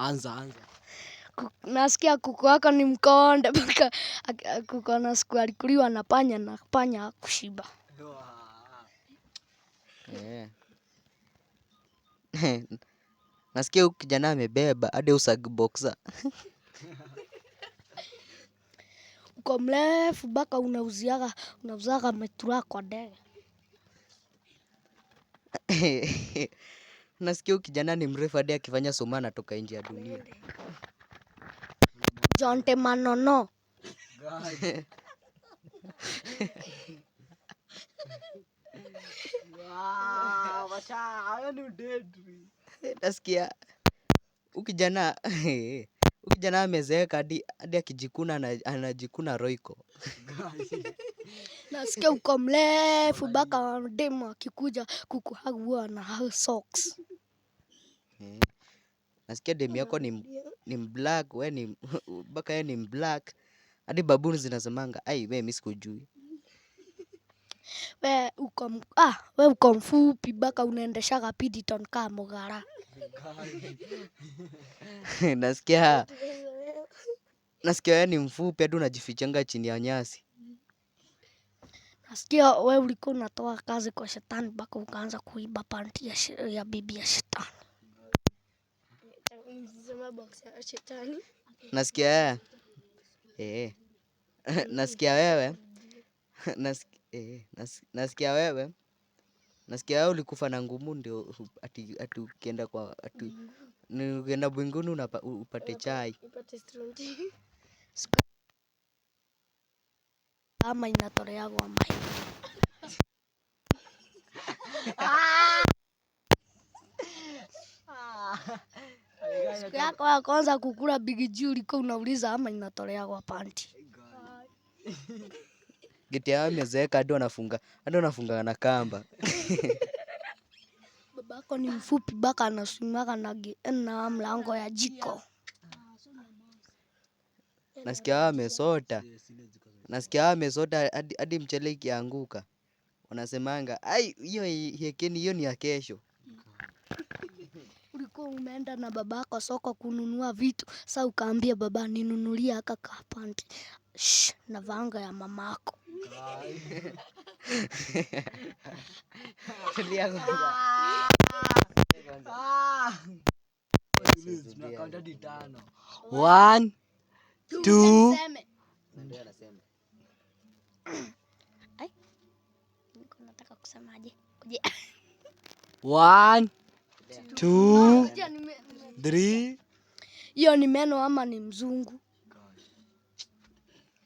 Anza, anza. Nasikia kuku wako ni mkonde mpaka kuku na anasiku alikuliwa na panya na panya kushiba. Eh. Nasikia huyu kijana amebeba hadi usag boxer. Uko mrefu mpaka unauziaga unauzaga metura kwa ndege. Nasikia kijana ni mrefu hadi akifanya soma anatoka nje ya dunia. Jonte Manono. Wow, ni Nasikia ukijana ukijana amezeeka hadi akijikuna anajikuna roiko. Nasikia uko mrefu mpaka dem akikuja kukuhagua na socks. Nasikia demu yako ni mblack, we ni mpaka ye ni mblack. Hadi babuni zinasemanga, ai we mi sikujui. Ah, we uko mfupi mpaka unaendeshaga piditon kaa mugara. Nasikia Nasikia we ni mfupi hadi unajifichanga chini ya nyasi. Nasikia we ulikuwa unatoa kazi kwa shetani mpaka ukaanza kuiba panti ya bibi ya shetani nasikia wewe eh, eh. nasikia wewe eh, nasikia wewe nasikia wewe ulikufa na ngumu, ndio ati ati ukienda kwa ati ukienda bwinguni upate chai ama inatoreagwa maji Siku yako ya kwanza kukula Big G ulikuwa unauliza ama inatolewa panti. Geti yao imezeeka hadi wanafunga, hadi wanafunga na kamba. Babako ni mfupi baka anasimama na na mlango ya jiko. Nasikia amesota. Nasikia amesota hadi mchele ikianguka. Wanasemanga, "Ai, hiyo hiyo ni ya kesho." ulikuwa umeenda na babako soko kununua vitu, sa ukaambia baba, ninunulie aka kapanti na vanga ya mamako yako. One. Hiyo ni meno ama ni mzungu?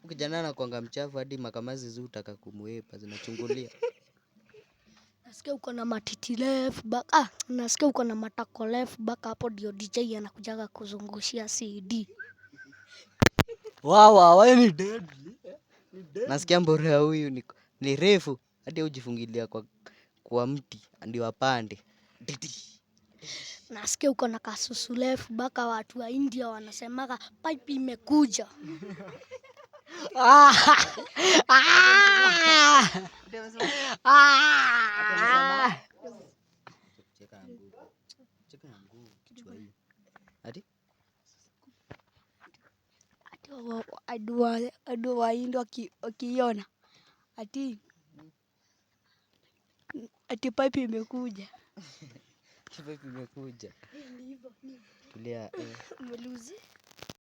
Kijana anakuanga mchafu hadi makamazi utaka kumwepa zinachungulia. Nasikia uko na matiti left back. Ah, nasikia uko na matako left back hapo ndio DJ anakujaga kuzungushia CD. Wow, wow, ni deadly. Nasikia ya huyu ni, ni refu hadi ujifungilia kwa, kwa mti ndio apande. Didi. Nasikia uko na kasusu refu mpaka watu wa India wanasemaga pipe imekuja. Ati Wahindi wakiiona ati ati pipe imekuja. Тебе не кудя. Ліва, ліва. Бля. Малюзи. Э.